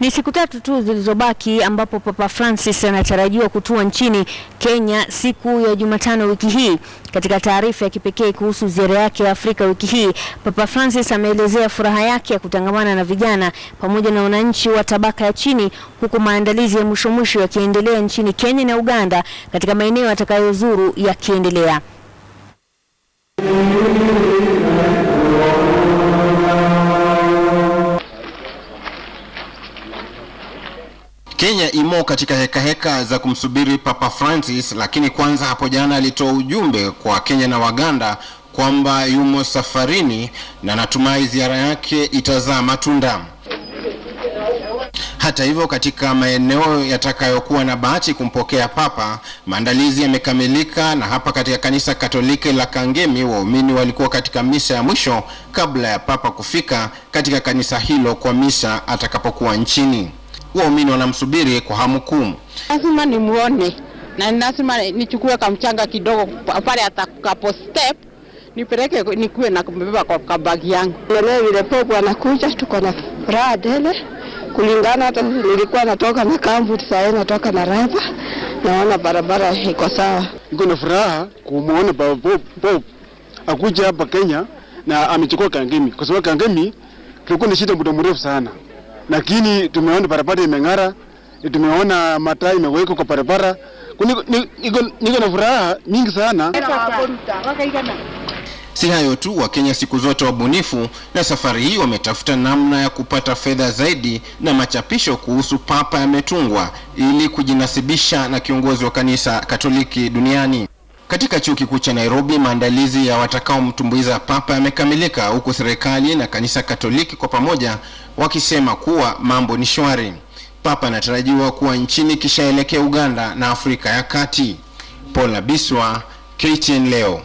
Ni siku tatu tu zilizobaki ambapo Papa Francis anatarajiwa kutua nchini Kenya siku ya Jumatano wiki hii. Katika taarifa ya kipekee kuhusu ziara yake ya Afrika wiki hii, Papa Francis ameelezea furaha yake ya kutangamana na vijana pamoja na wananchi wa tabaka ya chini, huku maandalizi ya mwisho mwisho yakiendelea nchini Kenya na Uganda katika maeneo atakayozuru yakiendelea. Kenya imo katika hekaheka heka za kumsubiri Papa Francis, lakini kwanza hapo jana alitoa ujumbe kwa Kenya na Waganda kwamba yumo safarini na natumai ziara yake itazaa matunda. Hata hivyo, katika maeneo yatakayokuwa na bahati kumpokea Papa, maandalizi yamekamilika, na hapa katika kanisa Katoliki la Kangemi waumini walikuwa katika misa ya mwisho kabla ya Papa kufika katika kanisa hilo kwa misa atakapokuwa nchini waumini wanamsubiri kwa hamu kuu. Lazima nimuone na lazima nichukue kamchanga kidogo pale atakapo step nipeleke nikuwe na kumbeba kwa kabagi yangu. Leo vile popo anakuja, tuko na furaha tele kulingana. Hata nilikuwa natoka na kambu, sasa natoka na raba, naona barabara iko sawa. Niko na furaha kumuona baba popo akuja hapa Kenya na amechukua Kangemi, kwa sababu Kangemi tulikuwa na shida muda mrefu sana lakini tumeona barabara imeng'ara, tumeona mataa imewekwa kwa barabara. Niko na furaha nyingi sana. Si hayo tu, Wakenya siku zote wabunifu, na safari hii wametafuta namna ya kupata fedha zaidi, na machapisho kuhusu Papa yametungwa ili kujinasibisha na kiongozi wa kanisa Katoliki duniani. Katika chuo kikuu cha Nairobi, maandalizi ya watakaomtumbuiza Papa yamekamilika huku serikali na kanisa Katoliki kwa pamoja wakisema kuwa mambo ni shwari. Papa anatarajiwa kuwa nchini kisha elekea Uganda na Afrika ya Kati. Paul Abiswa, KTN leo.